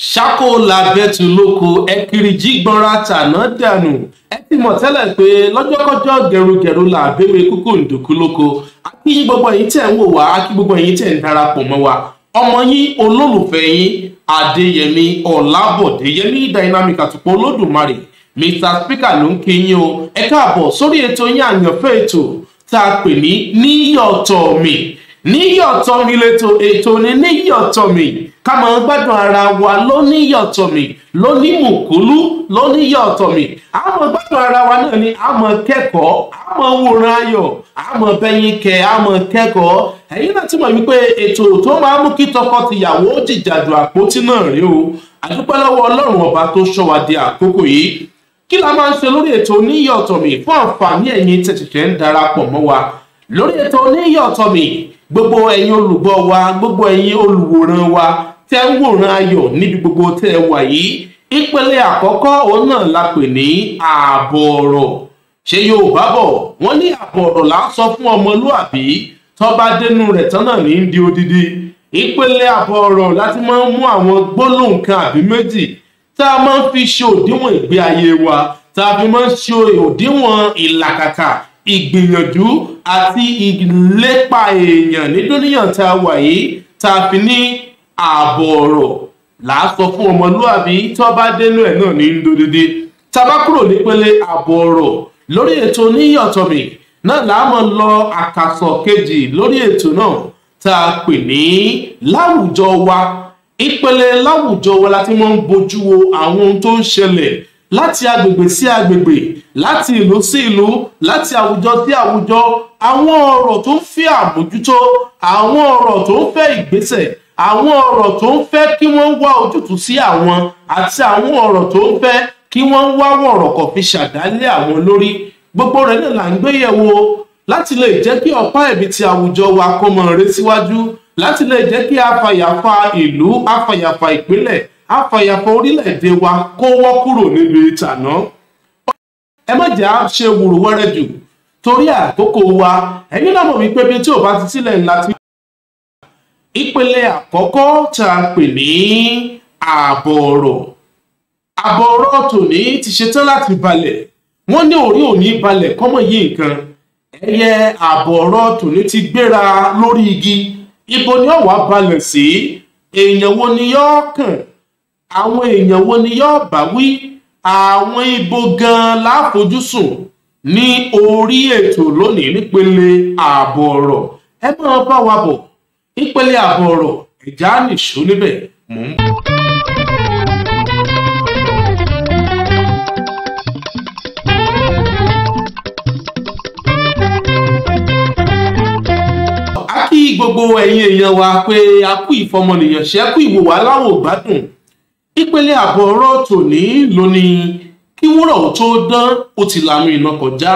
ṣáko làbẹ́tù lóko ẹkiri jígbọ́nra tàná dànù ẹ ti mọ̀ tẹ́lẹ̀ pé lọ́jọ́kọ́jọ́ gẹrugẹru là bẹ́wẹ́ kúkú ǹdùkú lóko akí gbogbo yín tẹ̀ ń wò wá akí gbogbo yín tẹ̀ ń darapọ̀ mọ́ wa ọmọ yín olólùfẹ́ yín adéyẹmí ọ̀làbọ̀dé yẹmí dynamic àtùpọ̀ olódùmarè mr speaker ló ń kí yín o ẹ káàbọ̀ sórí ètò yín àyànfẹ́ ètò tá a pè ní níyọ̀tọ̀ mi níyọ̀tọ̀ mi lẹ́tọ̀ ètò ni níyọ̀tọ̀ mi ká máa ń gbádùn ara wa ló mi ló ní mùkúlú ló mi a máa gbádùn ara wa náà ni a máa kẹ́kọ̀ọ́ a máa wòran ayọ̀ a máa bẹ́yìn kẹ́ a máa kẹ́kọ̀ọ́ ẹ̀yin náà ti mọ̀ wípé ètò tó máa ń mú kí tọkọ-tìyàwó jìjàdù àpótí náà rí o àdúpẹ́ lọ́wọ́ ọlọ́run ọba tó ṣọ́ wa di àkókò yìí kí la máa ń ṣe lórí ètò oníyọ̀tọ̀ mi fún àǹfààní ẹ̀yin tẹ̀síṣẹ́ ń darapọ̀ mọ́ wa lórí ètò oníyọ̀tọ̀ mi gbogbo ẹ̀yin olùgbọ́ wa gbogbo ẹ̀yin olùwòran wa tẹ́ ń wòran ayọ̀ níbi gbogbo tẹ́ ẹ wà yìí ìpele àkọ́kọ́ òun náà la pè ní ààbọ̀ ọ̀rọ̀ ṣé yorùbá bọ̀ wọ́n ní ààbọ̀ ọ̀rọ̀ là ń sọ fún ọmọlúàbí tó bá dénú tán náà ní di odidi ìpele ààbọ̀ ọ̀rọ̀ láti máa ń mú àwọn gbólóhùn kan àbí méjì tá a máa ń fi ṣe òdiwọ̀n ìgbé ayé wa tá máa ń ṣe òdiwọ̀n ìlàkàkà ìgbìyànjú àti ìlépa èèyàn ní dúníyàn tá a wà yìí tá a fi ní ààbò ọ̀rọ̀ làásọ fún ọmọlúàbí tó bá dénú ẹ̀ náà ní ndodede tá a bá kúrò nípele ààbò ọ̀rọ̀ lórí ètò oníyàntọ̀mì náà láàmú lọ àkàsọ̀ kejì lórí ètò náà tá a pè ní láwùjọ wa ìpele láwùjọ wa la ti máa ń bojú wo àwọn ohun tó ń ṣẹlẹ̀ láti agbègbè sí agbègbè láti ìlú sí ìlú láti àwùjọ sí àwùjọ àwọn ọ̀rọ̀ tó ń fẹ́ àmójútó àwọn ọ̀rọ̀ tó ń fẹ́ ìgbésẹ̀ àwọn ọ̀rọ̀ tó ń fẹ́ kí wọ́n wá ojútùú sí àwọn àti àwọn ọ̀rọ̀ tó ń fẹ́ kí wọ́n wá wọ̀rọ̀kọ̀ fi ṣàdálé àwọn lórí gbogbo rẹ̀ náà là ń gbé yẹ̀wò láti lè jẹ́ kí ọ̀pá ẹ̀bí ti àwùjọ wa kó mọ̀ rẹ́ síwájú láti lè jẹ́ kí afàyàfà ìlú afàyàfà ìpínlẹ̀ afàyàfọ orílẹ̀-èdè wa kó wọ́ kúrò níbi ìtàná ẹ má jẹ́ á ṣe wùrùwẹ́rẹ́ jù torí àkókò wa ẹ̀yin náà mọ̀ wípé bí tí ò bá ti sílẹ̀ ńlá ti. ìpele àkọ́kọ́ tá a pè ní ààbò ọ̀rọ̀ ààbò ọ̀rọ̀ tòní ti ṣetán láti balẹ̀ wọ́n ní orí òní balẹ̀ kọ́mọ yìí nǹkan ẹyẹ ààbò ọ̀rọ̀ tòní ti gbéra lórí igi ibo ni ọ̀wá balẹ̀ sí èèyàn wo ni yọ́ kàn àwọn èèyàn wo ni yóò bá wí àwọn ibo gan-an láfojúsùn ní orí ètò lónìí nípele ààbò ọ̀rọ̀ ẹ máa bá wa bọ̀ nípele ààbò ọ̀rọ̀ ẹ̀já nìṣó níbẹ̀ mò ń bọ̀. gbogbo ẹ̀yin èèyàn wa pé a kú ìfọmọnìyàn ṣe kú ìwò wa láwọn gbádùn ìpele àbọ̀ ọ̀rọ̀ tòní ló ní kí wúrà ò tó dán ó ti lanu iná kọjá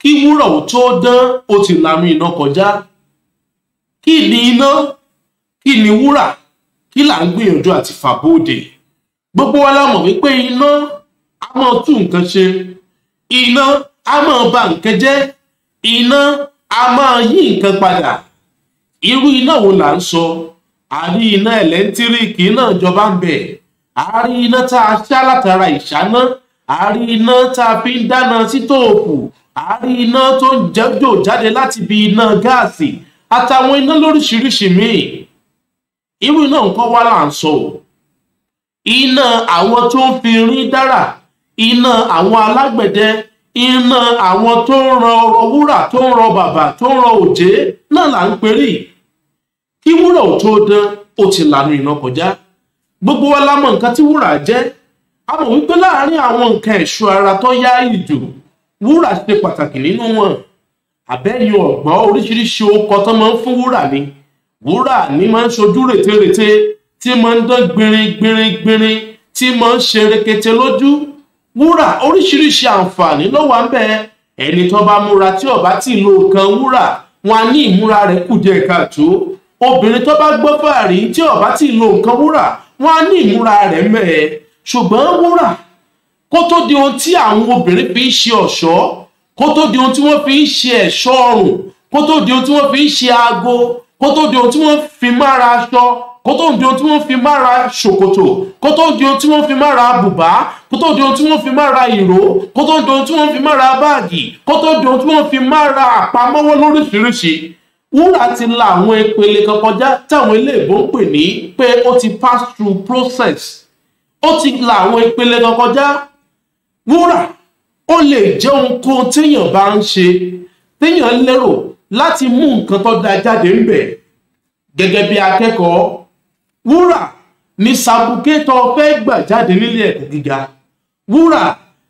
kí wúrà ò tó dán ó ti lanu iná kọjá kí ni iná kí ni wúrà kí là ń gbìyànjú àti fàbóde gbogbo wa la mọ̀ wípé iná a máa tún nǹkan ṣe iná a máa ba nǹkan jẹ́ iná a máa yí nǹkan padà irú iná wo là ń sọ àní iná ẹ̀lẹ́ńtíríìkì náà jọba ń bẹ̀ẹ́ a rí iná tá a ṣá látara ìṣáná a rí iná tá a fi ń dáná sítòòpù a rí iná tó ń jẹ́jò jáde láti ibi iná gáàsì àtàwọn iná lóríṣiríṣi míì irú iná nǹkan wá là ń sọ o iná àwọn tó ń fi rin dára iná àwọn alágbẹ̀dẹ iná àwọn tó ń ran ọrọ̀ wúrà tó ń ran bàbà tó ń ran òjé náà là ń perí kí wúrà ò tó dán ó ti lànà iná kọjá gbogbo wa la mọ nǹkan tí wúrà jẹ́ a mọ̀ wípé láàárín àwọn nǹkan ẹ̀ṣọ́ ara tó yá ìjò wúrà ṣe pàtàkì nínú wọn àbẹ́yìn ọ̀gbọ́n oríṣiríṣi okọ̀ tó máa ń fún wúrà ni wúrà ni máa ń ṣojú rètérètè tí máa ń dán gbinrin gbinrin gbinrin tí máa ń ṣe rekete lójú wúrà oríṣiríṣi àǹfààní ló wà ń bẹ ẹni tó bá múra tí ọba tí ì lo nǹkan wúrà wọn á ní ìmúra rẹ kù díẹ káàtó obìnrin tó bá gbọ́ fàárí tí ọba tí ì lo wúrà wọ́n á ní ìmúra rẹ̀ mẹ́ẹ̀ ṣùgbọ́n wúrà kó tó di ohun tí àwọn obìnrin fi ń ṣe ọ̀ṣọ́ kó tó di ohun tí wọ́n fi ń ṣe ẹ̀ṣọ́ ọrùn kó tó di ohun tí wọ́n fi ń ṣe aago kó tó di ohun tí wọ́n fi mára aṣọ kó tó di ohun tí wọ́n fi mára ṣòkòtò kó tó di ohun tí wọ́n fi mára bùbá kó tó di ohun tí wọ́n fi mára ìró kó tó di ohun tí wọ́n fi mára báàgì kó tó di ohun tí wọ́n fi mára àpamọ́wọ́ lóríṣiríṣi wúrà ti la àwọn ìpele kan kọjá táwọn iléèbó ń pè ní pé ó ti pass through process ó ti la àwọn ìpele kan kọjá wúrà ó lè jẹ́ ohunkóhun téèyàn bá ń ṣe téèyàn lérò láti mú nǹkan tó da jáde ń bẹ̀ gẹ́gẹ́ bí akẹ́kọ̀ọ́ wúrà ni sàbùkẹ́tọ̀ fẹ́ gbà jáde nílé ẹ̀kọ́ gíga wúrà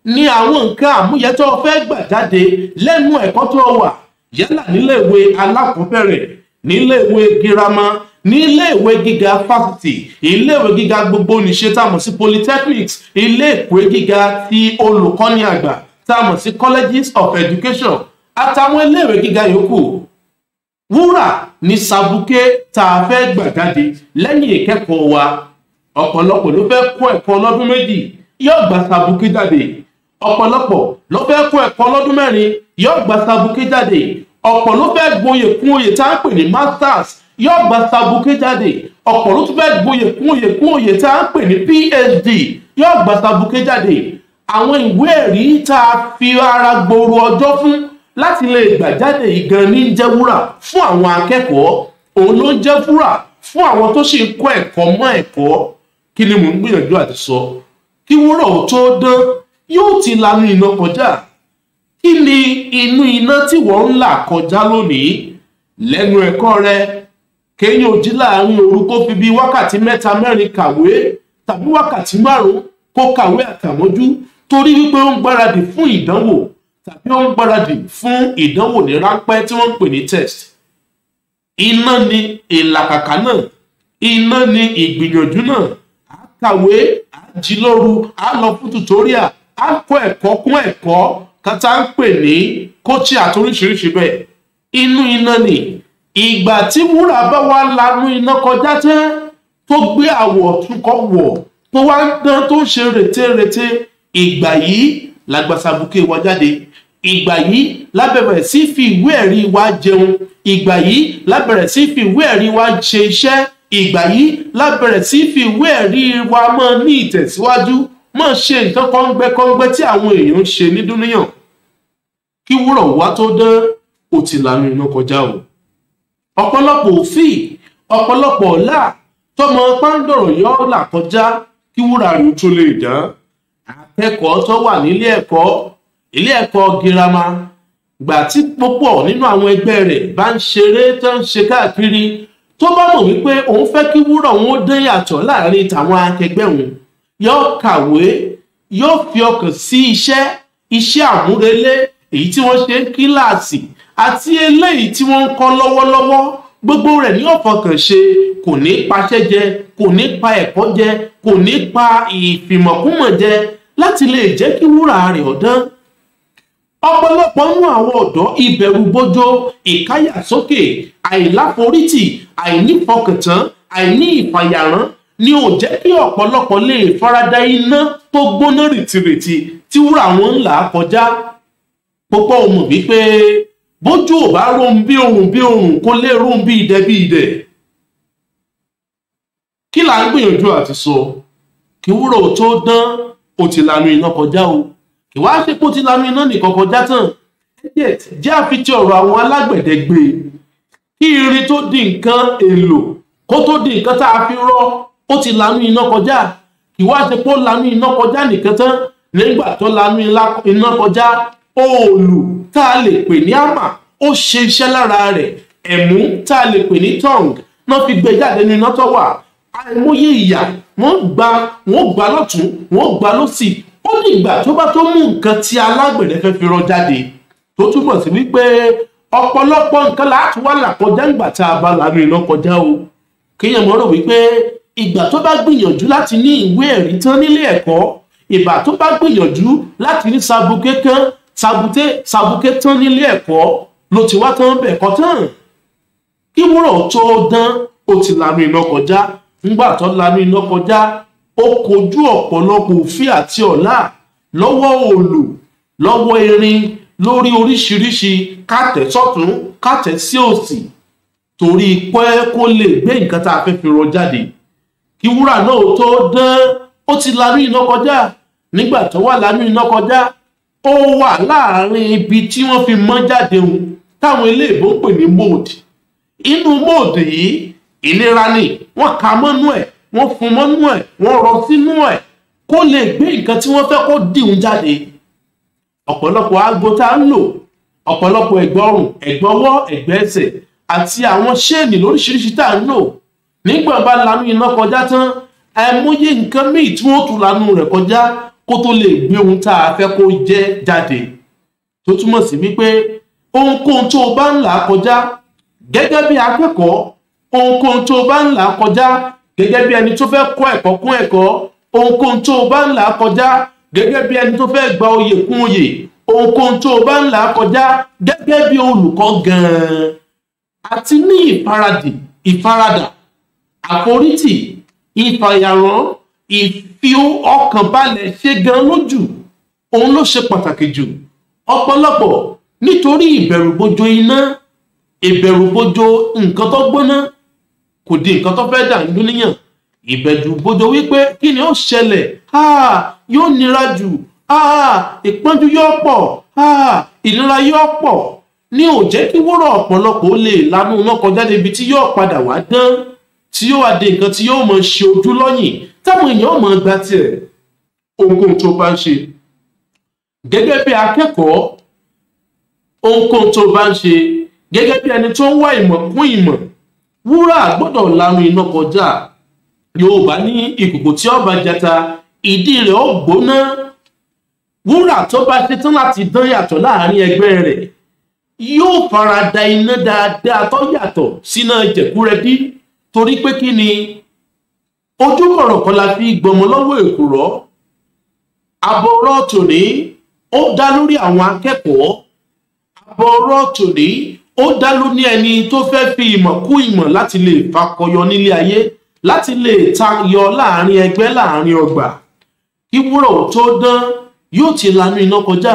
ni àwọn nǹkan àmúyẹ́tọ̀ fẹ́ gbà jáde lẹ́nu ẹ̀kọ́ tó wà yálà níléèwé alákọ̀ọ́bẹ̀rẹ̀ níléèwé girama níléèwé gíga fásitì iléèwé gíga gbogbo nìṣe tá a mọ̀ sí polytechnics iléèwé gíga ti olùkọ́ni àgbà tá a mọ̀ sí colleges of education àtàwọn iléèwé gíga yòókù wúrà ní sàbùkẹ́ tá a fẹ́ gbà jáde lẹ́yìn ìkẹ́kọ̀ọ́ wa ọ̀pọ̀lọpọ̀ ló fẹ́ kọ́ ẹ̀kọ́ ọlọ́dún méjì yóò gba sàbùkẹ́ jáde ọ̀pọ̀lọpọ̀ ló fẹ́ kún ẹ̀kọ́ ọlọ́dún mẹ́rin yóò gba sabuké jáde ọ̀pọ̀ ló fẹ́ gboyè kún oyè tá à ń pè ní masters yóò gba sabuké jáde ọ̀pọ̀ ló tún fẹ́ gboyè kún oyè kún oyè tá à ń pè ní phd yóò gba sabuké jáde àwọn ìwé ẹ̀rí tá a fi ara gbòòrò ọjọ́ fún láti lè gbà jáde ìgan ní jẹ́ wúrà fún àwọn akẹ́kọ̀ọ́ òun ló jẹ́ wúrà fún àwọn tó sì ń kọ́ ẹ̀kọ́ mọ́ ẹ̀kọ́ kí ni mò ń gbìyànjú àti sọ kí wúrà ò tó dán yóò ti lanu iná kọjá kí ni inú iná tí wọ́n ń là kọjá lónìí lẹ́nu ẹ̀kọ́ rẹ kéèyàn ò jí láàrin òru kó fi bíi wákàtí mẹ́ta mẹ́rin kàwé tàbí wákàtí márùn-ún kó kàwé àtàmọ́jú torí wípé ó ń gbáradì fún ìdánwò tàbí ó ń gbáradì fún ìdánwò ní ráńpẹ́ tí wọ́n ń pè ní test iná ni ìlàkàkà náà iná ni ìgbìyànjú náà àkàwé àjìlóru àlọ fún tutorial á kó ẹ̀kọ́ kún ẹ̀kọ́ kan ń pè ní kóchì àti oríṣiríṣi bẹ́ẹ̀ inú iná ni ìgbà tí wúrà bá wá lanú iná kọjá tẹ́ tó gbé àwọ̀ tún kọ́ wọ̀ tó wá ń dán tó ń ṣe rètérètè ìgbà yìí làgbàsàbùkè wa jáde ìgbà yìí lábẹ̀rẹ̀ sí fi ìwé ẹ̀rí wa jẹun ìgbà yìí lábẹ̀rẹ̀ sí fi ìwé ẹ̀rí wa ṣe iṣẹ́ ìgbà yìí lábẹ̀rẹ̀ sí fi ìwé ẹ̀rí wa máa ní ìtẹ̀síwájú má ṣe nǹkan kọ́ńgbẹ́kọ́ńgbẹ́ tí àwọn èèyàn ń ṣe ní dúníyàn kí wúrọ̀ wá tó dán kò ti lànà iná kọjá o ọ̀pọ̀lọpọ̀ òfin ọ̀pọ̀lọpọ̀ ọ̀la tọmọ pàǹdọ̀rọ̀ yọ ọ̀la kọjá kí wúrà rẹ̀ tó lè dán akẹ́kọ̀ọ́ tó wà nílé ẹ̀kọ́ ilé ẹ̀kọ́ girama gbà tí púpọ̀ nínú àwọn ẹgbẹ́ rẹ̀ bá ń ṣeré tó ń ṣe káàkiri tó bá mọ̀ wípé òun fẹ́ kí wúrọ̀ òun dán yàtọ̀ láàrin tàwọn akẹgbẹ́ òun yóò kàwé yóò fi ọkàn sí iṣẹ́ iṣẹ́ àmúrelé èyí tí wọ́n ṣe kíláàsì àti eléyìí tí wọ́n ń kọ́ lọ́wọ́lọ́wọ́ gbogbo rẹ̀ ní ọ̀fọ̀kàn ṣe kò ní paṣẹ́ jẹ kò ní pa ẹ̀kọ́ jẹ kò ní pa ìfìmọ̀kúmọ̀ jẹ láti lè jẹ́ kí wúrà rẹ̀ ọ̀dán ọ̀pọ̀lọpọ̀ nínú àwọn ọ̀dọ́ ìbẹ̀rùbojo ìkáyàsókè àìláforítì àìnífọkàntán àìní ìfàyàrán ni ò jẹ́ kí ọ̀pọ̀lọpọ̀ lè farada iná tó gbóná rìtìrìtì tí wúrà wọn ń là á kọjá púpọ̀ ò mọ̀ wípé bójú ò bá rohun bí ohun bí ohun kó lè rohun bí idẹ bí idẹ kí là ń gbìyànjú àti sọ kí wúrà ò tó dán ó ti lanu iná kọjá o kì wá ṣe kó ti lanu iná nìkan kọjá tán jẹ́ àfitì ọ̀rọ̀ àwọn alágbẹ̀dẹ gbé kí irin tó di nǹkan èlò kó tó di nǹkan tá a fi rọ́ ó ti lanú iná kọjá ìwá ṣe pé ó lanú iná kọjá nìkan tán nígbà tó lanú iná kọjá òòlù tá a lè pè ní àmà ó ṣe iṣẹ́ lára rẹ̀ ẹ̀mú tá a lè pè ní tong náà fi gbé jáde ní iná tó wà àìmọye ìyà wọ́n gba wọ́n gba lọ́tún wọ́n gba lọ́sì ó ní ìgbà tó bá tó mú nǹkan tí alágbẹ̀dẹ fẹ́ fi rọ jáde tó túbọ̀ sí wípé ọ̀pọ̀lọpọ̀ nǹkan láti wá là kọjá ìgbà tá a bá lanú iná kọjá o kéèyàn mọ́ wípé ìgbà tó bá gbìyànjú láti ní ìwé ẹ̀rí tán nílé ẹ̀kọ́ ìgbà tó bá gbìyànjú láti ní sabuké tán nílé ẹ̀kọ́ ló ti wá tán bẹ̀ẹ̀kọ́ tán kí wúrọ̀ tó dán ó ti lanu iná kọjá ńgbà tó lanu iná kọjá ó kojú ọ̀pọ̀lọpọ̀ òfin àti ọ̀la lọ́wọ́ òòlù lọ́wọ́ irin lórí oríṣiríṣi kàtẹ́sọ́tún kàtẹ́sí òsì torí pé kó lè gbé nǹkan tá a fẹ́ fi rọ jáde kí wúrà náà ó tó dán ó ti lanú iná kọjá nígbà tó wà lanú iná kọjá ó wà láàrin ibi tí wọ́n fi mọ́ jáde hùn táwọn iléèbó ń pè ní mold inú mold yìí ìlera ni wọ́n ka mọ́nú ẹ̀ wọ́n fún mọ́nú ẹ̀ wọ́n rọ sínú ẹ̀ kó lè gbé nǹkan tí wọ́n fẹ́ kó dìhun jáde ọ̀pọ̀lọpọ̀ aago tá ń lò ọ̀pọ̀lọpọ̀ ẹ̀gbọ́rùn ẹ̀gbọ́wọ́ ẹ̀gbẹ́sẹ̀ àti àwọn ṣéènì lóríṣiríṣi tá ń lò nígbà bá lanú iná kọjá tán àìmọye nǹkan míì tí wọ́n tún lanú rẹ̀ kọjá kó tó lè gbé ohun tá a fẹ́ kó jẹ́ jáde tó túmọ̀ sí wípé ohunkóhun tó o bá ń là kọjá gẹ́gẹ́ bí akẹ́kọ̀ọ́ ohunkóhun tó o bá ń là kọjá gẹ́gẹ́ bí ẹni tó fẹ́ kọ́ ẹ̀kọ́ kún ẹ̀kọ́ ohunkóhun tó o bá ń là kọjá gẹ́gẹ́ bí ẹni tó fẹ́ gba oyè kún oyè ohunkóhun tó bá ń là kọjá gẹ́gẹ́ bí olùkọ́ gan-an àti ní ìfaradì ìfaradà àforítì ìfàyàrán ìfi ọkàn balẹ̀ ṣe gan lójú òun ló ṣe pàtàkì jù ọ̀pọ̀lọpọ̀ nítorí ìbẹ̀rùbojo iná ìbẹ̀rùbojo nǹkan tó gbóná kò di nǹkan tó fẹ́ dà ń dúníyàn ìbẹ̀rùbojo wípé kí ni ó ṣẹlẹ̀ yóò nira jù ìpọ́njú yóò pọ̀ ìnira yóò pọ̀ ní ò jẹ́ kí wúrọ̀ ọ̀pọ̀lọpọ̀ ó lè lanú iná kọjá débi tí yóò padà wá dán tí yóò wá de nǹkan tí yóò mọ ṣe ojú lọ́yìn táwọn èèyàn mọ gba tiẹ̀ ohunkóhun tó bá ń ṣe gẹ́gẹ́ bí akẹ́kọ̀ọ́ ohunkóhun tó bá ń ṣe gẹ́gẹ́ bí ẹni tó ń wá ìmọ̀ kún ìmọ̀ wúrà gbọ́dọ̀ lanu iná kọjá yorùbá ní ìkòkò tí ọba jata ìdí rẹ̀ ó gbóná wúrà tó bá ṣe láti dán yàtọ̀ láàrin ẹgbẹ́ rẹ̀ yóò fara da iná dáadáa tó yàtọ̀ sínú jẹ̀kúrẹ́bí torí pé kí ni ojú kọ̀rọ̀ kan la fi gbọmọ lọ́wọ́ èkùrọ́ àbọ̀rọ̀ tòní ó dá lórí àwọn akẹ́kọ̀ọ́ àbọ̀rọ̀ tòní ó dá lórí ẹni tó fẹ́ fi ìmọ̀ kú ìmọ̀ láti lè fakọyọ nílé ayé láti lè tayọ láàrin ẹgbẹ́ láàrin ọgbà kí wúrọ̀ tó dán yóò ti lanú iná kọjá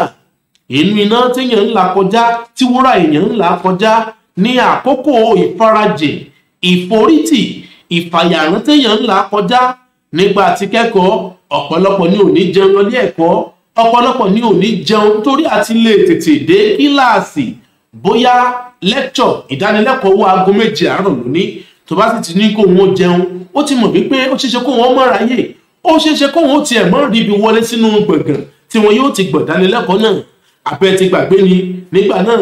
inú iná téèyàn ń là kọjá tí wúrà èèyàn ń là kọjá ní àkókò ìfarajìn ìforítì ìfàyàrán téèyàn ńlá kọjá nígbà tí kẹ́kọ̀ọ́ ọ̀pọ̀lọpọ̀ ni ò ní jẹun lọ ní ẹ̀kọ́ ọ̀pọ̀lọpọ̀ ni ò ní jẹun torí àti lè tètè dé kíláàsì bóyá lẹ́kṣọ̀ ìdánilẹ́kọ̀ọ́ owó aago méje àárọ̀ lóní tó bá sì ti ní kó wọn jẹun ó ti mọ̀ wípé ó ṣeéṣe kó wọn mọ̀ra yè ó ṣeéṣe kó wọn tiẹ̀ mọ́ ríbi wọlé sínú gbọ̀ngàn tí wọn yóò ti gbọ̀dánilẹ́kọ̀ọ́ náà abẹ́ ti gbàgbé ni nígbà náà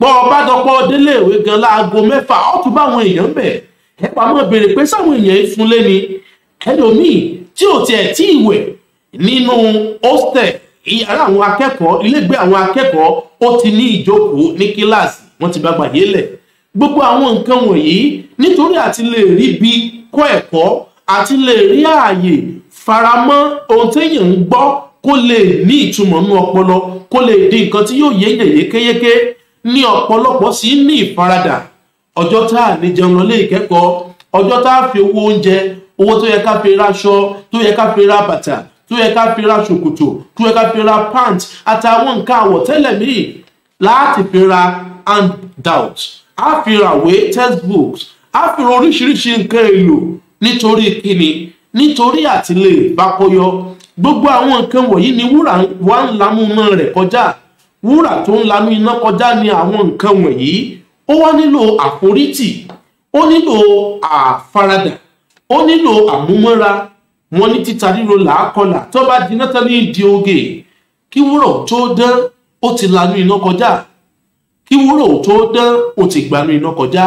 pọ̀ bàdọ̀pọ̀ délé ìwé gan láago mẹ́fà ọkùnrin báwọn èèyàn bẹ̀ ẹ pamọ́ béèrè pé sáwọn èèyàn yìí fún lẹ́ni ẹlòmíì tí ò tiẹ̀ tí ìwẹ̀ nínú hostel ìyàrá àwọn akẹ́kọ̀ọ́ ilégbé àwọn akẹ́kọ̀ọ́ ó ti ní ìjókòó ní kíláàsì wọ́n ti bá gbàyé lẹ̀ gbogbo àwọn nǹkan wọ̀nyí nítorí àti lè rí bí kọ́ ẹ̀kọ́ àti lè rí ààyè faramọ́ ohun téèyàn ń gbọ́ kó lè ní ìtumọ̀ nú ọpọlọ kó lè di nǹkan tí yóò yé yẹ̀yẹ́ kéyéké ní ọ̀pọ̀lọpọ̀ sí ní ìfaradà ọjọ́ tá à ní jẹun lọ lé ìkẹ́kọ̀ọ́ ọjọ́ tá a fi owó oúnjẹ owó tó yẹ ká fi ra aṣọ tó yẹ ká fi ra bàtà tó yẹ ká fi ra ṣòkòtò tó yẹ ká fi ra pant àtàwọn nǹkan àwọ̀tẹ́lẹ̀ míì láti fi ra handout a fi ra ìwé textbooks a fi ra oríṣiríṣi nǹkan èlò nítorí kíni nítorí àti lè bá kọyọ gbogbo àwọn nǹkan wọ̀nyí ni wúrà wà ń lamú mọ́ rẹ̀ kọjá wúrà tó ń lanú iná kọjá ni àwọn nǹkan wọ̀nyí ó wá nílò àforítì ó nílò àfaradà ó nílò àmúmọ́ra wọn ní títa ríro làákọlà tó bá di náà ní di oge kí wúrà tó dán ó ti lanú iná kọjá kí wúrà tó dán ó ti gbanú iná kọjá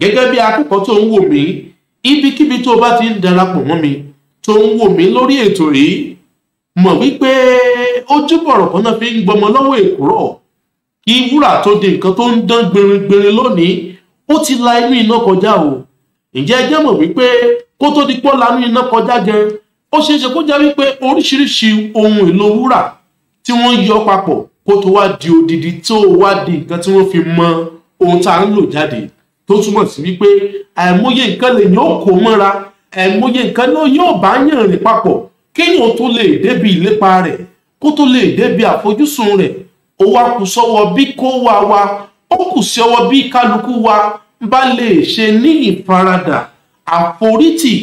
gẹ́gẹ́ bí akẹ́kọ̀ọ́ tó ń wò mí ibikíbi tó bá ti ń darapọ̀ mọ́ mi tó ń wò mí lórí ètò yìí mọ̀ wípé ojúbọ̀rọ̀ kan náà fi ń gbọmọ lọ́wọ́ èkúrọ̀ kí wúrà tó di nǹkan tó ń dán gberingbin lónìí ó ti la inú iná kọjá o ǹjẹ́ ẹ jẹ́ mọ̀ wípé kó tó di pọ́ lanú iná kọjá gan ó ṣeé ṣe kó jẹ́ wípé oríṣiríṣi ohun èlò wúrà tí wọ́n yọ papọ̀ kó tó wá di odidi tó wá di nǹkan tí wọ́n fi mọ ohun tá à ń lò jáde tó túmọ̀ sí wípé àìmọye nǹkan lè yóò kó mọ́ra àìmọye nǹkan náà yóò bá yàn rìn papọ̀ kéèyàn tó lè débi ìlépa rẹ̀ kó tó lè débi àfojúsùn rẹ̀ ó wá kù sọ́wọ́ bí kó wa wa ó kù sí ọwọ́ bí kálukú wa bá lè ṣe ní ìfaradà àforítì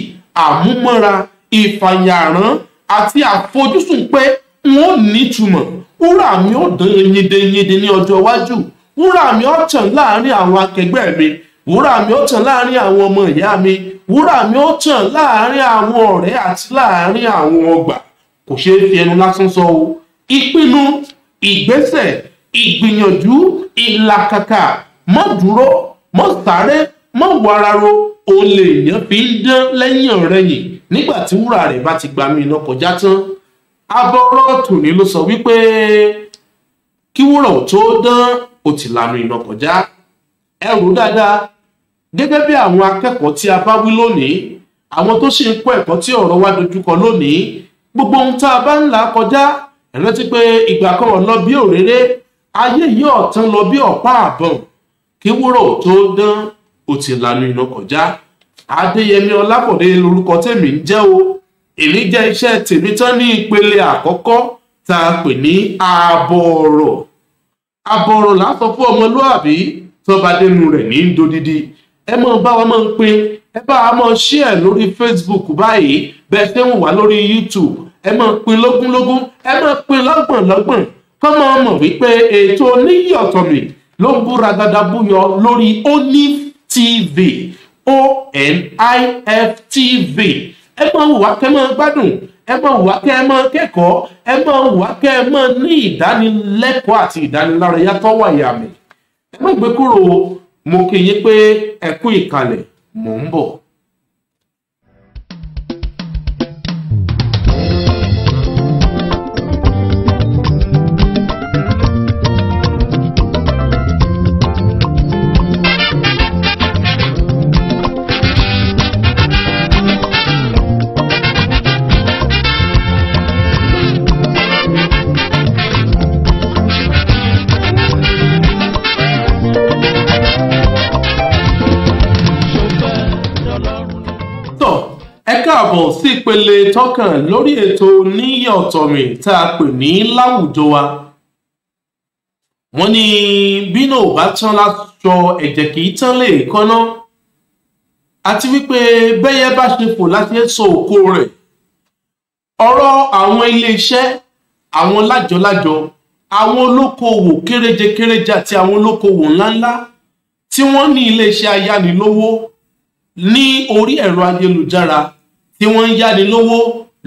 àmúmọ́ra ìfàyàrán àti àfojúsùn pé wọn ò nítumọ̀ wúrà mi ò dán yindeyinden ní ọjọ́ iwájú wúrà mi ò tàn láàrin àwọn akẹgbẹ́ mi wúrà mi ò tàn láàrin àwọn ọmọ ìyá mi wúrà mi ò tàn láàrin àwọn ọ̀rẹ́ àti láàrin àwọn ọgbà kò ṣeé fi ẹnu lásán sọ o ìpinnu ìgbésẹ̀ ìgbìyànjú ìlàkàkà mọ́ dúró mọ́ sáré mọ́ wararo òun lè yàn fi ń dán lẹ́yìn ọ̀rẹ́yìn nígbà tí wúrà rẹ̀ bá ti gbàmí iná kọjá tán abọ́rọ́ tòní ló sọ wípé kí wúrà ò tó dán ó ti lanu iná kọjá ẹ dáadáa gẹ́gẹ́ bí àwọn akẹ́kọ̀ọ́ tí a bá wí lónìí àwọn tó sì ń kọ́ ẹ̀kọ́ tí ọ̀rọ̀ wa dojúkọ lónìí gbogbo ohun tá a bá ń là kọjá ẹ rántí pé ìgbà kan ò lọ bí òréré ayé yìí ọ̀tán lọ bí ọ̀pá àbọ̀n kí wúrò tó dán ó ti kọjá adéyẹmí ọlákọ̀dé lorúkọ tèmi ń jẹ́ o èmi jẹ́ iṣẹ́ tèmi tán ní ìpele àkọ́kọ́ tá a pè ní ààbọ̀ ọ̀rọ̀ ààbọ̀ ọ̀rọ̀ lásọ fún ọmọlúàbí tó bá dénú rẹ̀ ní dodidi ẹ máa bá wa máa pin ẹ bá wa máa ṣí ẹ lórí facebook báyìí bẹ́ẹ̀ ṣe ń wà lórí youtube ẹ máa pin lógúnlógún ẹ máa pin lọ́gbọ̀nlọ́gbọ̀n kọ́ máa mọ̀ wípé ètò oníyì ọ̀tọ̀mì ló ń búra gada búyọ lórí onif tv onif tv ẹ máa wùwá kẹ́ máa gbádùn ẹ máa wùwá kẹ́ ẹ máa kẹ́kọ̀ọ́ ẹ máa wùwá kẹ́ ẹ máa ní ìdánilẹ́kọ̀ọ́ àti ìdánilárayá tó wà yàmì ẹ má gbé kúrò mo kì í yín pé ẹ kú mò ń bọ̀. ètò kan lórí ètò oníyà ọ̀tọ̀mì tá a pè ní láwùjọ wa wọ́n ní bínú ò bá tán láṣọ ẹ̀jẹ̀ kì í tán lè kọ́ná àti wípé bẹ́yẹ bá ṣe fò láti sọ òkú rẹ̀ ọ̀rọ̀ àwọn iléeṣẹ́ àwọn lájọlájọ àwọn olókoòwò kéréje kéréje àti àwọn olókoòwò ńláńlá tí wọ́n ní iléeṣẹ́ ayánilówó ní orí ẹ̀rọ ayélujára tí wọ́n ń yáni lówó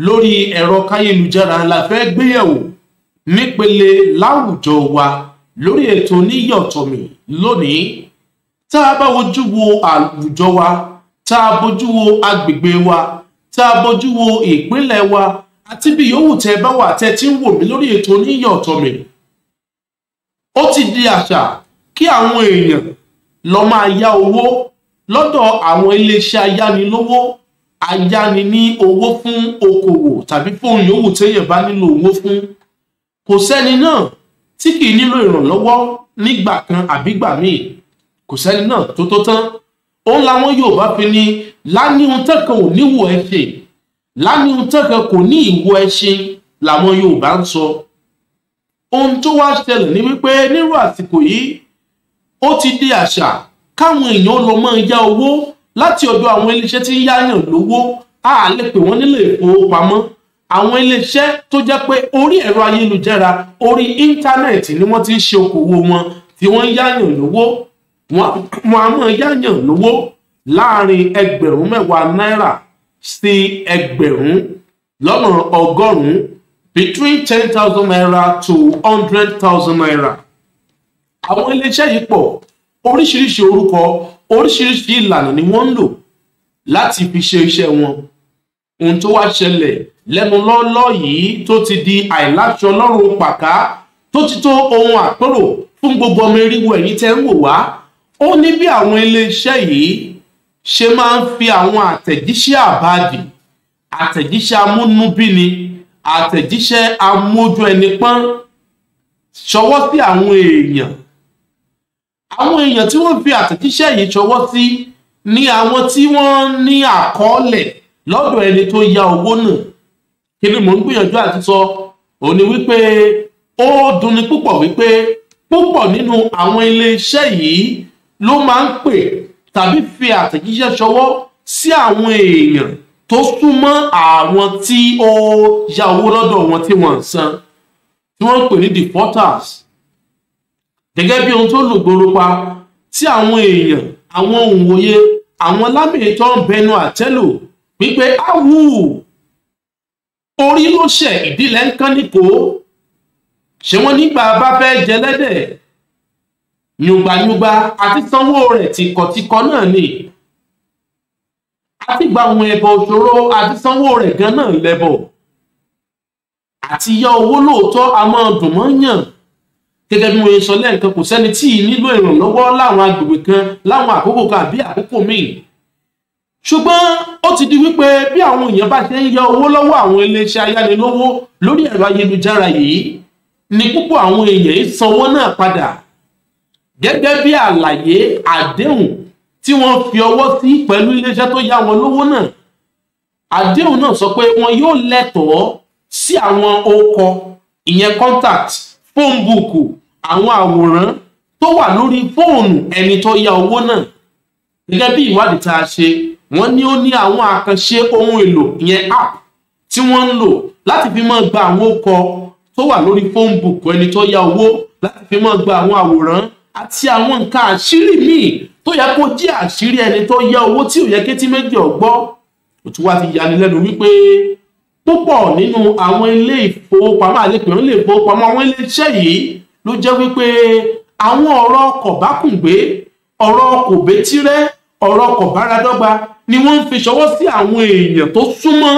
lórí ẹ̀rọ káyélujára la fẹ́ gbéyẹ̀wò nípele láwùjọ wa lórí ètò níyọ̀tọ̀mì lónìí tá a bá wojú wo àwùjọ wa tá a bójú wo agbègbè wa tá a bójú wo ìpínlẹ̀ wa àti bí yòówù tẹ bá wà tẹ tí ń wò mí lórí ètò níyọ̀tọ̀mì ó ti di àṣà kí àwọn èèyàn lọ máa yá owó lọ́dọ̀ àwọn iléeṣẹ́ ayánilówó ayáni ní owó fún okòwò tàbí fóun yòówù téèyàn bá nílò owó fún kò sẹ́ni náà tí kì í nílò ìrànlọ́wọ́ nígbà kan àbígbà míì kò sẹ́ni náà tó tó tán òun làwọn yorùbá fi ní láníhun tẹ́kan ò níwò ẹ ṣe láníhun kò ní ìwò ẹ làwọn yorùbá ń sọ ohun tó wá ṣẹlẹ̀ ni wípé nírú àsìkò yìí ó ti di àṣà káwọn èèyàn lọ máa yá owó láti ọ̀dọ̀ àwọn iléeṣẹ́ tí ń yáyàn lówó a lè pè wọ́n nílé ìfowópamọ́ àwọn iléeṣẹ́ tó jẹ́ pé orí ẹ̀rọ ayélujára orí íńtánẹ́ẹ̀tì ni wọ́n ti ń ṣe okòwò wọn tí wọ́n ń yáyàn lówó wọn a máa yáyàn lówó láàrin ẹgbẹ̀rún mẹ́wàá náírà sí ẹgbẹ̀rún lọ́nà ọgọ́rùn between ten thousand naira to hundred thousand naira àwọn iléeṣẹ́ yìí pọ̀ oríṣiríṣi orúkọ oríṣiríṣi ìlànà ni wọ́n ń lò láti fi ṣe iṣẹ́ wọn ohun tó wá ṣẹlẹ̀ lẹ́nu lọ́ọ́lọ́ yìí tó ti di àìláṣọ ọlọ́run pàká tó ti tó ohun àpérò fún gbogbo ọmọ eriwo ẹ̀yìn tẹ́ ń wò wá ó ní bí àwọn iléeṣẹ́ yìí ṣe máa ń fi àwọn àtẹ̀jíṣẹ́ àbádì àtẹ̀jíṣẹ́ amúnúbíni àtẹ̀jíṣẹ́ amójú ẹni pọ́n ṣọwọ́ sí àwọn èèyàn àwọn èèyàn tí wọ́n fi àtẹ̀jíṣẹ́ yìí ṣọwọ́ sí ni àwọn tí wọ́n ní àkọọ́lẹ̀ lọ́dọ̀ ẹni tó ya owó náà kí ni mò ń gbìyànjú àti sọ òní wípé ó dunni púpọ̀ wípé púpọ̀ nínú àwọn iléeṣẹ́ yìí ló máa ń pè tàbí fi àtẹ̀jíṣẹ́ ṣọwọ́ sí àwọn èèyàn tó súnmọ́ àwọn tí ó ya owó lọ́dọ̀ wọn tí wọ́n ń san tí wọ́n ń pè ní deporters gẹ́gẹ́ bí ohun tó lù gbòòrò pa tí àwọn èèyàn àwọn òǹwòye àwọn lámì tó ń bẹnu àtẹ́lù wípé áwù orí ló ṣẹ̀ ìdílé ń kán níkò ṣé wọ́n nígbà bá fẹ́ jẹlẹ́dẹ̀ yùngbàyùngbà àti sanwó rẹ̀ tìkọ̀tìkọ̀ náà ni àtìgbà àwọn ẹbọ òṣòro àti sanwó rẹ̀ gan náà lẹ́bọ̀ àti yá owó lóòótọ́ a máa dùn mọ́ yàn gẹ́gẹ́ bí mo ṣe sọ lẹ́ẹ̀kan kò sẹ́ni tí ì nílò ìrànlọ́wọ́ láwọn agbègbè kan láwọn àkókò kan àbí àkókò míì ṣùgbọ́n ó ti di wípé bí àwọn èèyàn bá ṣe ń yá owó lọ́wọ́ àwọn iléeṣẹ́ ayánilówó lórí ẹ̀rọ ayélujára yìí ni púpọ̀ àwọn èèyàn yìí sanwó náà padà gẹ́gẹ́ bí àlàyé àdéhùn tí wọ́n fi ọwọ́ sí pẹ̀lú iléeṣẹ́ tó yá wọn lówó náà àdéhùn náà sọ pé wọn yóò lẹ́tọ̀ọ́ sí àwọn okọ̀ ìyẹn contact phone àwọn àwòrán tó wà lórí fóònù ẹni tó ya owó náà gẹ́gẹ́ bí ìwádìí tá a ṣe wọ́n ní ó ní àwọn àkànṣe ohun èlò ìyẹn app tí wọ́n ń lò láti fi máa gba àwọn ọkọ̀ tó wà lórí phone book ẹni tó ya owó láti fi máa gba àwọn àwòrán àti àwọn nǹkan àṣírí míì tó yẹ kó jẹ́ àṣírí ẹni tó ya owó tí ò yẹ kétí méjì ọ̀gbọ́ ó tún wá ti yanilẹ́nu wípé púpọ̀ nínú àwọn ilé ìfowópamọ́ àlepẹ̀rún ilé ìfowópamọ́ àwọn ilé yìí ló jẹ́ wípé àwọn ọ̀rọ̀ kọ̀bákùngbé ọ̀rọ̀ kòbétírẹ́ ọ̀rọ̀ kọ̀báradọ́gba ni wọ́n ń fi ṣọwọ́ sí àwọn èèyàn tó súnmọ́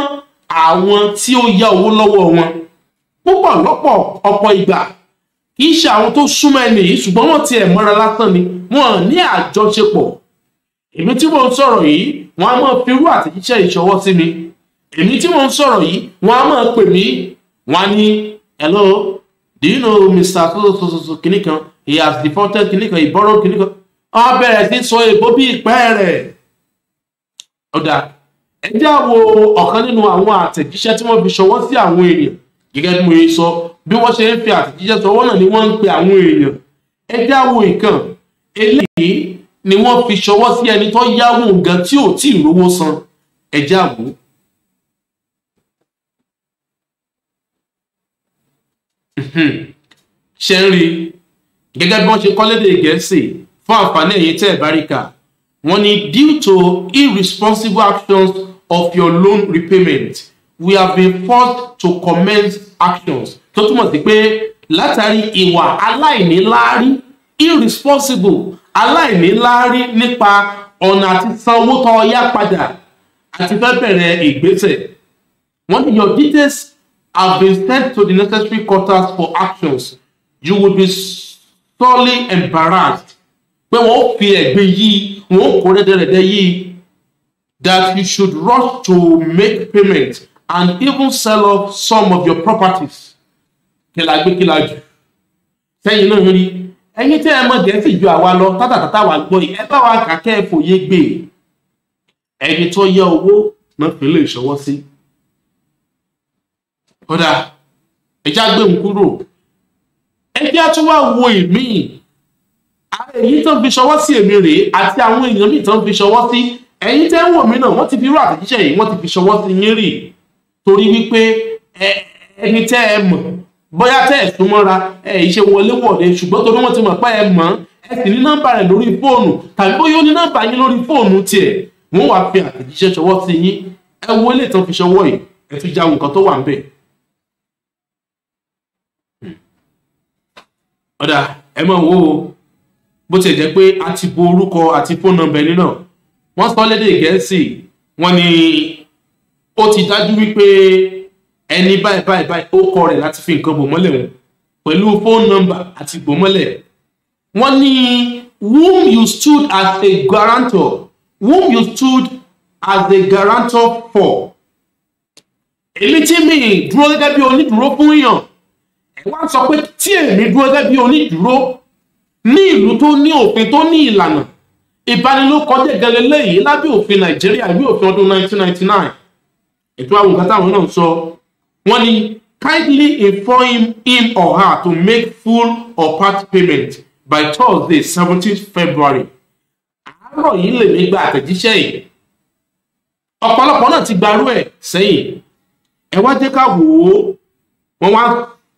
àwọn tí ó yá owó lọ́wọ́ wọn púpọ̀ lọ́pọ̀ ọ̀pọ̀ ìgbà kì í ṣe àwọn tó súnmọ́ ẹni yìí ṣùgbọ́n wọ́n ti ẹ̀ lásán ni wọ́n ní àjọṣepọ̀ èmi tí mò ń sọ̀rọ̀ yìí wọ́n á máa fi irú àtẹ̀jíṣẹ́ ìṣọwọ́ sí mi èmi tí mò ń sọ̀rọ̀ yìí wọ́n á máa pè mí wọ́n á ní hello do you know mr sosososo kìnìún kan he has defaulted kìnìún kan he borrowed kìnìún kan wọn bẹ̀rẹ̀ sí sọ èbó bí ìpẹ́ rẹ̀ ọ̀dà ẹ jẹ́ wo ọ̀kan nínú àwọn àtẹ̀jíṣẹ́ tí wọ́n fi ṣọwọ́ sí àwọn èèyàn gẹ́gẹ́ bí mo yẹ sọ bí wọ́n ṣe ń fi àtẹ̀jíṣẹ́ sọwọ́ náà ni wọ́n ń pe àwọn èèyàn ẹ jẹ́ wo nǹkan eléyìí ni wọ́n fi ṣọwọ́ sí ẹni tó yáwó nǹkan tí ò tí ì rówó san ẹ jẹ́ àwòrán Hmm. ṣe ń rí gẹ́gẹ́ bí wọ́n ṣe kọ́lédè gẹ̀ẹ́sì fún àǹfààní ẹ̀yìn tẹ́ ẹ̀ bá wọ́n ní due to irresponsible actions of your loan repayment we have been forced to commence actions tó túmọ̀ sí pé látàrí ìwà aláìníláárí irresponsible aláìníláárí nípa ọ̀nà àti sanwó tó yá padà àti fẹ́ bẹ̀rẹ̀ ìgbésẹ̀ wọ́n ní your details have been sent to the necessary quarters for actions you will be sorely embarrassed pé wọn ó fi ẹgbẹ yìí wọn kó rẹdẹrẹdẹ yìí that you should rush to make payment and even sell off some of your properties kìlàgbékìlà jù sẹ́yìn náà rí ẹyin tí ẹ mọ gẹ̀ẹ́sì ju àwa lọ tátàtàtà wà gbọ́ yìí ẹ bá wa kà ẹ fòye gbé ẹni tó yẹ owó náà fi lè ṣọwọ́ sí. Si ọ̀dà ẹ̀já gbé òun kúrò ẹgbẹ́ tó wá wo èmi àwọn èyí tán fi ṣọwọ́ sí èmi rèé àti àwọn èèyàn míì tán fi ṣọwọ́ sí ẹ̀yin tẹ́ ń wò mí náà wọ́n ti fi irú àtẹ̀jíṣẹ́ yìí wọ́n ti fi ṣọwọ́ sí yín rì torí wípé ẹni tẹ́ ẹ mọ̀ bóyá tẹ́ ẹ sún mọ́ra ẹ ìṣe wọlé wọ̀de ṣùgbọ́n torí wọ́n ti mọ̀ pé ẹ mọ̀ ẹ sì ní nọ́mbà rẹ̀ lórí fóònù tàbí bóyá ó ní nọ́mbà yín lórí fóònù tiẹ̀ wọ́n wàá fi àtẹ̀jíṣẹ́ ṣọwọ́ sí yín ẹ wo ilé ìtàn fi ṣọwọ́ yìí ẹ tún jáwé nǹkan tó wà ń bẹ̀ ọ̀dà ẹ mọ̀ wò ó bó ti jẹ́ pé a ti bo orúkọ àti fóònù nọmba ẹni náà wọ́n sọ lédè gẹ̀ẹ́sì wọ́n ní ó ti dájú wípé ẹni báyìí báyìí báyìí ó kọ rẹ̀ láti fi nǹkan bò mọ́lẹ̀ wọn pẹ̀lú fóònù nọmba àti bò mọ́lẹ̀ wọ́n ní whom you stood as a guarantor whom you stood as a guarantor for èmi tí mi dúró gẹ́gẹ́ bí onídùúró fún yàn ẹ wá sọ pé tí èmi dúró gẹ́gẹ́ bí onídùúró ní ìlú tó ní òfin tó ní ìlànà ìbanilókọjẹ gẹ́gẹ́ léyìí lábẹ́ òfin nàìjíríà ìwé òfin ọdún 1999 ètò àwọn nǹkan táwọn náà sọ wọ́n ní kindly inform him or her to make full or part payment by thursday seventeenth february àárọ̀ yìí lèmi gba àtẹ̀jíṣẹ́ yìí ọ̀pọ̀lọpọ̀ náà ti gbarú ẹ̀ sẹ́yìn ẹ wá jẹ́ ká wò ó wọ́n wá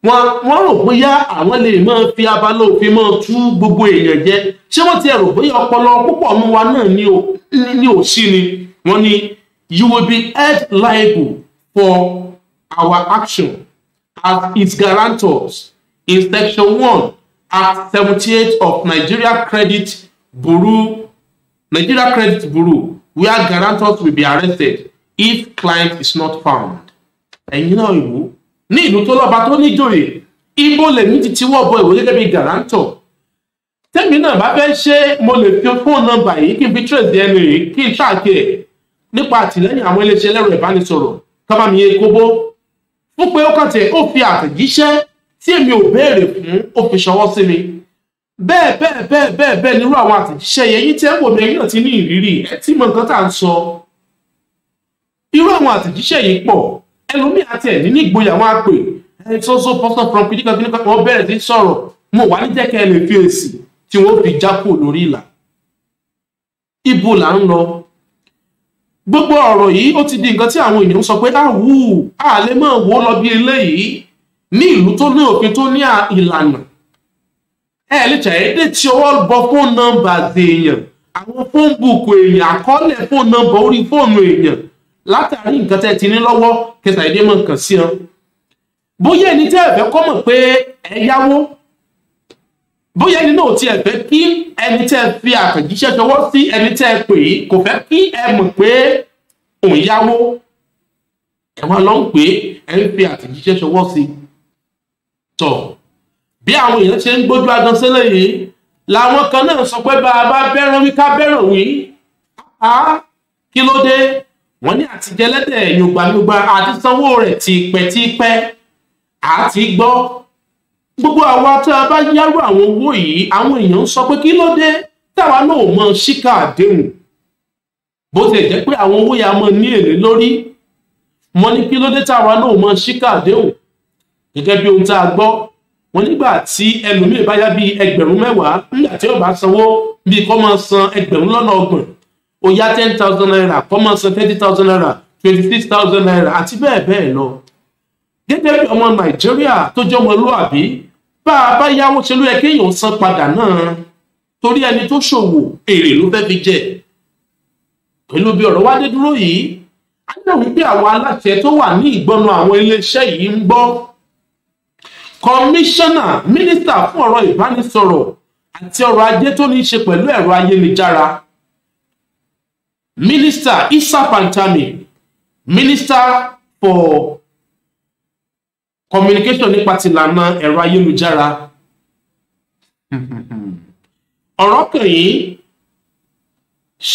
wọn wọn rò bóyá àwọn lè máa fi abala òfin máa tú gbogbo èèyàn jẹ ṣé wọn ti rò bóyá ọpọlọ púpọ̀ ọmọ wa náà ní òsì ni wọn ni you will be held liable for our action as its guarantors in section one act seventy-eight of nigeria credit bureau nigeria credit bureau where guarantors will be arrested if client is not found ẹ̀yin náà ìwò ní ìlú tó lọ́ba tó níjòyè ibo lèmi ti tiwọ́ bọ ìwé gẹ́gẹ́ bí gàrántọ̀ tẹ́mi náà bá fẹ́ ṣe mo lè fi fóònù nọ́mbà yìí kí n fi trace dna yìí kí n ṣáàkì ẹ̀ nípa àtìlẹ́yìn àwọn iléeṣẹ́ ẹlẹ́rọ ìbánisọ̀rọ̀ kọ́má mi yé kóbó fún pé ó kàn tẹ̀ ó fi àtẹ̀jíṣẹ́ tí èmi ò béèrè fún ó fi ṣọwọ́ sí mi bẹ́ẹ̀ bẹ́ẹ̀ bẹ́ẹ̀ bẹ́ẹ̀ bẹ́ẹ̀ nírú àwọn àtẹ̀jíṣẹ́ yẹn yín tẹ́ wò mí ẹ̀yìn náà ti ní ìrírí ẹ̀ tí mo nǹkan tá ń sọ irú àwọn àtẹ̀jíṣẹ́ yìí pọ̀ ẹlòmíì àti ẹ̀mí ní ìgboyà wọn á pè ẹ sọ́sọ́ pọ́sọ́ pọ́npì nígbà tí wọ́n bẹ̀rẹ̀ sí sọ̀rọ̀ mo wà ní jẹ́kẹ́ lè fi èsì tí wọ́n fi jápò lórí ìlà ibo là ń lọ gbogbo ọ̀rọ̀ yìí ó ti di nǹkan tí àwọn ènìyàn sọ pé àwù àlẹ́ máa wò ó lọ bí eléyìí ní ìlú tó ní òfin tó ní ìlànà ẹ lè ṣàyẹ̀dẹ̀ tí ọwọ́ bọ fóònù nọmbà èèyàn àwọn fóònù bùkù èèyàn àkọọ́lẹ̀ fóònù nọmbà orí fóònù èèyàn látàrí nǹkan tẹ́ ti ní lọ́wọ́ kẹta ìdí mọ̀ nǹkan sí wọn bóyá ẹni tẹ́ ẹ̀fẹ́ kọ́ mọ̀ pé ẹ yáwó bóyá ẹni náà ti ẹ̀fẹ́ kí ẹni tẹ́ fi àtẹ̀jíṣẹ́ jọwọ́ sí ẹni tẹ́ pè é kò fẹ́ kí ẹ mọ̀ pé òun yáwó ẹ máa lọ ń pè é ẹ ń fi àtẹ̀jíṣẹ́ jọwọ́ sí tọ̀ bí àwọn èèyàn ṣe ń gbójú agan sílẹ̀ yìí làwọn kan náà sọ pé bá a bá bẹ́ràn wí ká bẹ́ràn wí kí ló dé wọ́n ní àtijẹ́ lẹ́dẹ̀ yorùbá-yorùbá àti sanwó rẹ̀ tipẹ́tipẹ́ àti gbọ́ gbogbo àwa tá a bá yárò àwọn owó yìí àwọn èèyàn ń sọ pé kí ló dé táwa náà mọ síkà àdéhùn bó ti jẹ́ pé àwọn owó yà mọ ní èrè lórí wọ́n ní kí ló dé táwa náà mọ síkà àdéhùn gẹ́gẹ́ bí ohun tá a gbọ́ wọn nígbà tí ẹlòmíì bá yá bíi ẹgbẹ̀rún mẹ́wàá nígbà tí yóò bá sanwó bíi kọ́ máa san ẹgbẹ̀rún lọ́nà ọgbọ̀n ó yá ten thousand naira kọ́mọ san thirty thousand naira twenty six thousand naira àti bẹ́ẹ̀ bẹ́ẹ̀ lọ. gẹ́gẹ́ bí ọmọ nàìjíríà tó jẹ́ ọmọlúàbí bá a bá yáwó ṣe ló yẹ kéèyàn san padà náà torí ẹni tó ṣòwò èrè ló fẹ́ fi jẹ. pẹ̀lú bí ọ̀rọ̀ wá dé dúró yìí a ní àwọn bí àwọn aláṣẹ tó wà ní ìgbọnu àwọn iléeṣẹ́ yìí ń gbọ́. kọmíṣánná mínísítà fún ọ̀rọ̀ ìbánisọ̀rọ̀ àti ọ̀rọ̀ ajé tó ní í ṣe pẹ̀lú ẹ̀rọ ayélujára Minister Issa Pantami, Minister for Communication nípa ti ìlànà ẹ̀rọ ayélujára. Ọ̀rọ̀ kan yìí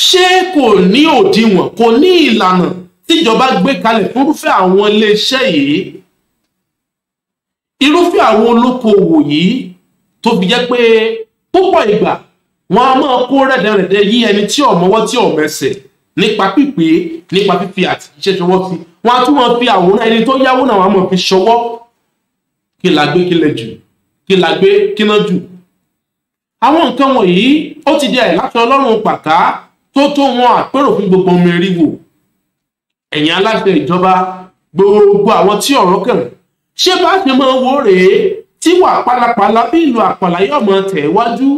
ṣé kò ní òdiwọ̀n kò ní ìlànà tíjọba gbé kalẹ̀ fúrúfẹ́ àwọn iléeṣẹ́ yìí irúfẹ́ àwọn olókoòwò yìí tó fi jẹ́ pé púpọ̀ ìgbà wọn a máa kó rẹ̀dẹ̀rẹ̀dẹ̀ yí ẹni tí ọ̀mọ́wọ́ tí ọ̀mẹ́sẹ̀ nípa pípé nípa fífi àtìjíṣẹ́ ṣọwọ́ sí wọn a tún máa fi àwòrán ẹni tó yáwó náà wọn máa fi ṣọwọ́ kí la gbé kí lẹ jù kí la gbé kí jù. àwọn nǹkan wọ̀nyí ó ti di àìláṣọ ọlọ́run pàtà tó tó wọn àpérò fún gbogbo ọmọ eré wò ẹ̀yìn aláṣẹ ìjọba gbogbo àwọn tí ọ̀rọ̀ kàn ṣé bá ṣe máa wò rèé tí wà pálapàla bí ìlú àpàlà yóò tẹ̀ wájú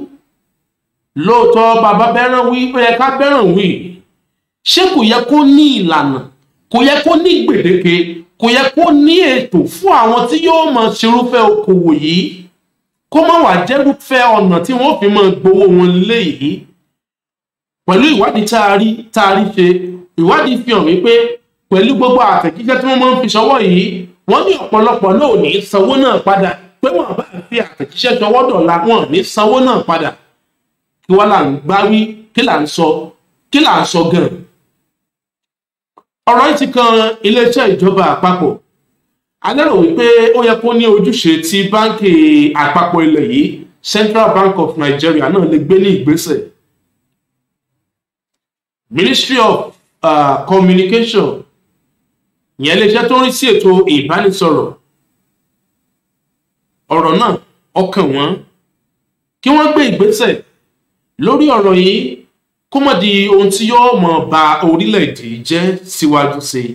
lóòótọ́ bàbá bẹ́ràn wí ṣé kò yẹ kó ní ìlànà kò yẹ kó ní gbèdéke kò yẹ kó ní ètò fún àwọn tí yóò máa ṣerúfẹ́ okòwò yìí kó má wàá jẹ́rúfẹ́ ọ̀nà tí wọ́n fi máa gbowó wọn léyìí pẹ̀lú ìwádìí tá a rí tá a rí ṣe ìwádìí fi hàn wípé pẹ̀lú gbogbo àtẹ̀jíṣẹ́ tí wọ́n máa ń fi ṣọwọ́ yìí wọ́n ní ọ̀pọ̀lọpọ̀ náà ò ní sanwó náà padà pé wọ́n bá fi àtẹ̀jíṣẹ́ ṣọwọ́ dọ̀la wọn ní sanwó náà padà kí wọ́n là ń gbáwí kí là ń sọ kí là ń sọ gan-an ọ̀rọ̀ yìí ti kan iléeṣẹ́ ìjọba àpapọ̀ a lérò wípé ó yẹ kó ní ojúṣe tí báńkì àpapọ̀ ilẹ̀ yìí Central Bank of Nigeria náà lè gbé ní ìgbésẹ̀ Ministry of uh, Communication ìyẹn iléeṣẹ́ tó ń rí sí ètò ìbánisọ̀rọ̀ ọ̀rọ̀ náà ọkàn wọn kí wọ́n gbé ìgbésẹ̀ lórí ọ̀rọ̀ yìí kó mọ̀ di ohun tí yóò mọ̀ ba orílẹ̀-èdè jẹ́ síwájú sí i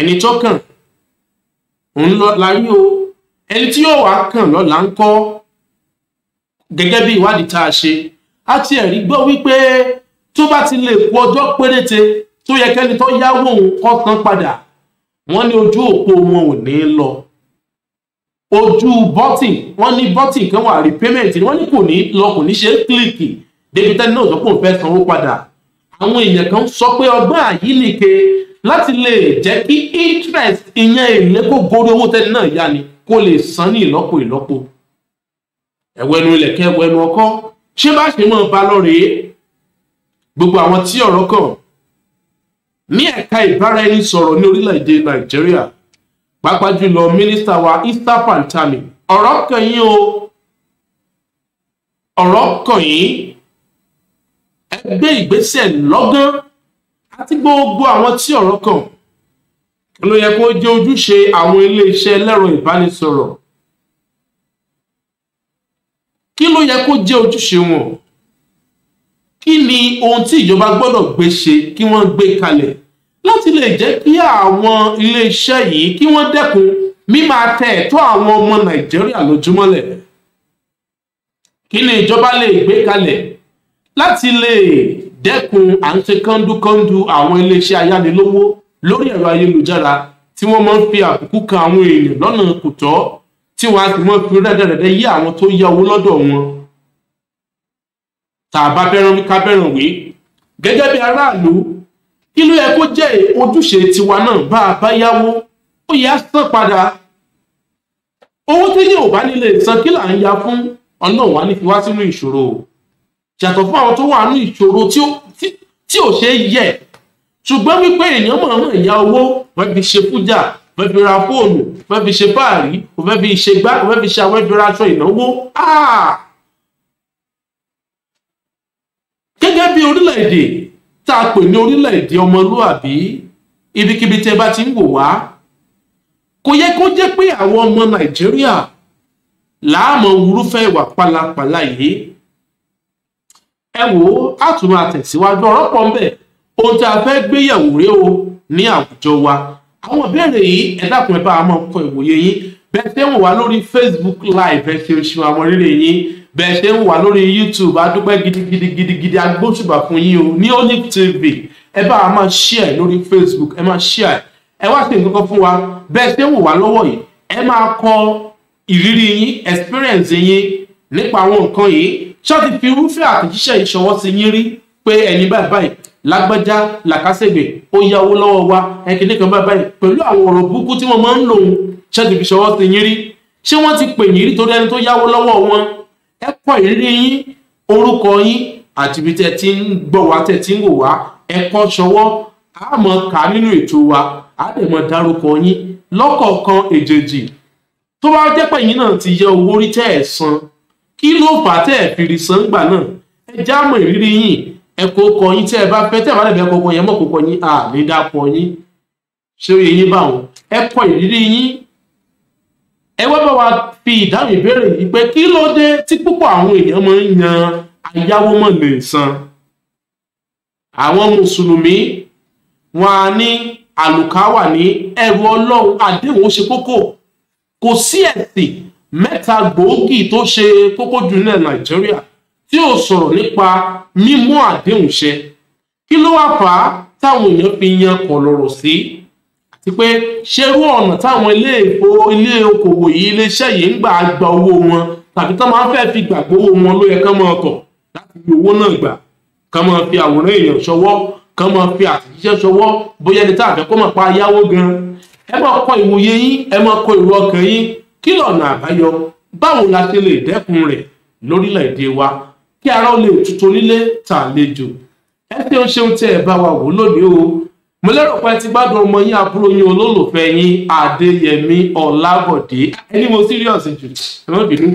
ẹni tó kàn òun lọ láyé o ẹni tí yóò wá kàn lọ́la ń kọ́ gẹ́gẹ́ bí ìwádìí tá a ṣe a ti ẹ̀rí gbọ́ wípé tó bá ti lè kú ọjọ́ péréte tó yẹ kẹ́ni tó yáwó òun kọ́ tán padà wọ́n ní ojú òpó wọn ò ní lọ ojú bọ́tì wọ́n ní bọ́tì kan wà rí payment wọ́n ní kò ní lọ kò ní ṣe é kílìkì débi tẹ́ni náà sọ pé òun fẹ́ sanwó padà àwọn èèyàn kan sọ pé ọgbọ́n àyílike láti lè jẹ́ kí interest ìyẹn èlé kó gorí owó tẹ́ni náà yá ni kó lè san ní ìlọ́po ìlọ́po ẹ̀wẹ̀nu ilẹ̀kẹ́ ẹ̀wẹ̀nu ọkọ́ ṣé bá ṣe mọ́ ba lọ rèé gbogbo àwọn tí ọ̀rọ̀ kàn ní ẹ̀ka ìbáraẹnisọ̀rọ̀ ní orílẹ̀-èdè nàìjíríà pàápàá jùlọ mínísítà wa easter pantami ọ̀rọ̀ kàn yín o ọ̀rọ̀ kàn yín gbé ìgbésẹ̀ lọ́gán àti gbogbo àwọn tí ọ̀rọ̀ kàn ló yẹ kó jẹ́ ojúṣe àwọn iléeṣẹ́ ẹlẹ́rọ ìbánisọ̀rọ̀ kí ló yẹ kó jẹ́ ojúṣe wọn kí ni ohun tí ìjọba gbọ́dọ̀ gbé ṣe kí wọ́n gbé kalẹ̀ láti lè jẹ́ kí àwọn iléeṣẹ́ yìí kí wọ́n dẹ́kun mímáa tẹ ẹ̀tọ́ àwọn ọmọ nàìjíríà lójúmọ́lẹ̀ kí ni ìjọba lè gbé kalẹ̀ láti lè dẹ́kun à ń ṣe kọ́ńdúkọ́ńdú àwọn iléeṣẹ́ ayánilówó lórí ẹ̀rọ ayélujára tí wọ́n máa ń fi àbùkù kan àwọn èèyàn lọ́nà kùtọ́ tí wọ́n á sì máa fi rẹ́dẹ̀rẹ́dẹ́ yí àwọn tó yá owó lọ́dọ̀ wọn tàbá bẹ́ràn ká bẹ́ràn wé gẹ́gẹ́ bí aráàlú kí ló yẹ kó jẹ́ ojúṣe tiwa náà bá a bá yáwó ó yẹ sàn padà owó tí yóò bá nílé san kí là ń ya fún ọlọ́run á ní fi wá sínú ìṣòro yàtọ̀ fún àwọn tó wà ní ìṣòro tí ò ṣe é yẹ ṣùgbọ́n wípé èèyàn mọ̀ọ́mọ̀ ìyá owó wọ́n fi ṣe fújà wọ́n fi ra fóònù wọ́n fi ṣe fáàrí wọ́n fi ṣe gbá wọ́n fi ṣe àwọn ẹgbẹ́ aṣọ ìnáwó. Ah! gẹ́gẹ́ bí orílẹ̀-èdè tá a pè ní orílẹ̀-èdè ọmọlúàbí ibikíbi tẹ́ bá ti ń wò wá kò yẹ kó jẹ́ pé àwọn ọmọ nàìjíríà làá mọ wúrúfẹ́ ìwà pálapàla yìí ẹ wò ó á tún máa tẹ̀síwájú ọ̀rọ̀ pọ̀ ń bẹ̀ ohun tí a fẹ́ gbéyẹ̀wò rèé o ní àwùjọ wa àwọn ìbéèrè yìí ẹ dákun ẹ bá a máa kọ ìwòye yín bẹ́ẹ̀ ṣe ń wà lórí facebook live ẹ ṣe oṣù àwọn rírè yín bẹ́ẹ̀ ṣe ń wà lórí youtube adúpẹ́ gidigidi gidigidi agbóṣùbà fún yín o ní onic tv ẹ bá a máa share lórí facebook ẹ máa share ẹ wá ṣe nǹkan kan fún wa bẹ́ẹ̀ ṣe ń wà lọ́wọ́ yìí ẹ máa kọ ìrírí yín experience yín nípa àwọn nǹkan yìí ṣọ́ ti fi irúfẹ́ àtẹ̀jíṣẹ́ ìṣọwọ́ ti yín rí pé ẹni báyìí báyìí lágbájá làkásẹ̀gbè ó yáwó lọ́wọ́ wa ẹ̀kíní kan báyìí báyìí pẹ̀lú àwọn ọ̀rọ̀ burúkú tí wọ́n máa ń lò ṣọ́ ti fi ṣọwọ́ ti yín rí ṣé wọ́n ti pè yín rí torí ẹni tó yáwó lọ́wọ́ wọn ẹ kọ́ ìrírí yín orúkọ yín àti ibi tẹ́ ti ń gbọ́ wá tẹ́ ti ń wò wá ẹ kọ́ ṣọwọ́ a mọ̀ ká nínú ètò wa a dẹ̀ mọ̀ dárúkọ yín lọ́kọ̀ọ̀kan èjèèjì tó bá jẹ́ pẹ̀yìn náà ti yẹ owó rí tẹ́ ẹ̀ san kí ló fà á tẹ́ ẹ̀ fìrì sàn gbà náà ẹ já mọ̀ ìrírí yìí ẹ kó kọ yín tẹ́ ẹ bá fẹ́ tẹ́ ẹ bá lẹ̀bẹ̀ kọ́kọ́ yẹn mọ̀ kọ́kọ́ yín à lè dá kọ yín ṣé ó yẹ yín báwọn ẹ kọ ìrírí yín ẹ wá bá wa fi ìdáhùn ìbéèrè yìí pé kí ló dé tí púpọ̀ àwọn èèyàn máa ń yan ayáwó mọ̀ lè san àwọn mùsùlùmí wọn á ní àlùkáwà ní ẹrù ọlọ́run àdéhùn ó ṣe kókó kò sí ẹ̀sìn mẹ́ta gbòógì tó ṣe kókó jù nílẹ̀ nàìjíríà tí ò sọ̀rọ̀ nípa mímú àdéhùn ṣe kí ló wá fà á táwọn èèyàn fi yan kọ̀lọ̀rọ̀ sí àti pé ṣerú ọ̀nà táwọn ilé èpo ilé okòwò yìí iléeṣẹ́ yìí ń gbà gba owó wọn tàbí tán máa ń fẹ́ fi gbàgbó owó wọn ló yẹ kán máa tọ̀ láti fi owó náà gbà kán máa fi àwòrán èèyàn ṣọwọ́ kán máa fi àtẹ̀jíṣẹ́ ṣọwọ́ bóyá ẹni tá àfẹ́ kó máa pa ayáwó gan ẹ máa kọ ìwòye yín ẹ máa kọ ìwọ ọkàn yín kí lọ̀nà àbáyọ báwo la ṣe lè dẹ́kun rẹ̀ lórílẹ̀‐èdè wa kí ara ó lè tuntun nílé tà lejò ẹ ṣe ń ṣeun tí ẹ bá wa wò lónìí o mo lérò pé ti gbádùn ọmọ yín àbúrò yín olólùfẹ́ yín adéyẹmí ọlágọ̀dé ẹni mo serious jù ẹ má bínú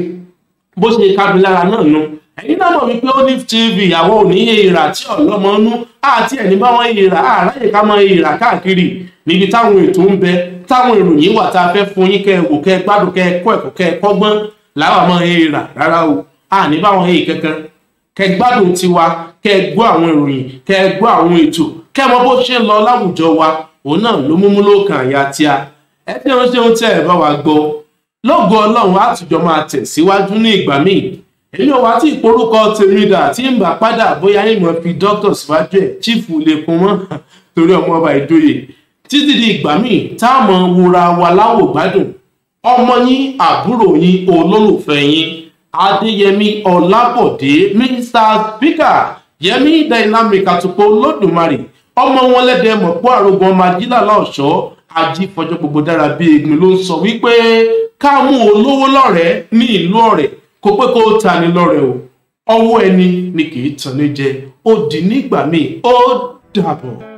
bó ṣe kábi lára náà nu ẹ̀yin náà mọ̀ wípé olive tv àwọn ò ní èèrà tí ọ̀lọ́mọnú àti ẹ̀ní bá wọn èèrà àráyè ká mọ èèrà káàkiri níbi táwọn ètò ń bẹ táwọn ìròyìn wà tá a fẹ́ fún yín kẹ́ ẹ wò kẹ́ ẹ gbádùn kẹ́ ẹ kọ́ ẹ̀kọ́ kẹ́ ẹ kọ́gbọ́n làwọn mọ èèrà rárá o àní báwọn èè kankan kẹ́ ẹ gbádùn tiwa kẹ́ ẹ gbọ́ àwọn ìròyìn kẹ́ ẹ gbọ́ àwọn ètò kẹ́ ẹ mọ bó ṣe ń lọ láwùjọ wa òun náà ló múmú lókàn àyà tíá ẹ dẹ́rùn ṣéun tẹ́ ẹ bá wa gbọ́ lọ́gọ́ ọlọ́run á tùjọ́ máa tẹ̀ síwájú ní ìgbà míì èmi ò wá tí ìporúkọ tèmi dà tí ń bà padà bóyá ìmọ̀ fi dókítà síwájú ẹ̀ chiefu lè kún mọ́ torí ọmọ ọba ìdóye títí di ìgbà míì táàmù wura wa láwò gbádùn ọmọ yín àbúrò yín olólùfẹ́ yín adéyẹmí ọlábọ̀dé mr speaker yẹmí dynamic àtùpọ̀ olódùmarè ọmọ wọn lẹ́dẹ̀ẹ́ mọ̀pọ̀ àrògbọ̀n ọmọ ajílàlá ọ̀ṣọ́ ají fọjọ́ gbogbo dára bíi egbin ló ń sọ wípé ká olówó lọ́rẹ̀ẹ́ ní ìlú ọ̀rẹ́ kò pé kó tani lọ́rẹ o ọwọ́ ẹni ni kì í tan ní jẹ ó di nígbà míì ó dàbọ̀.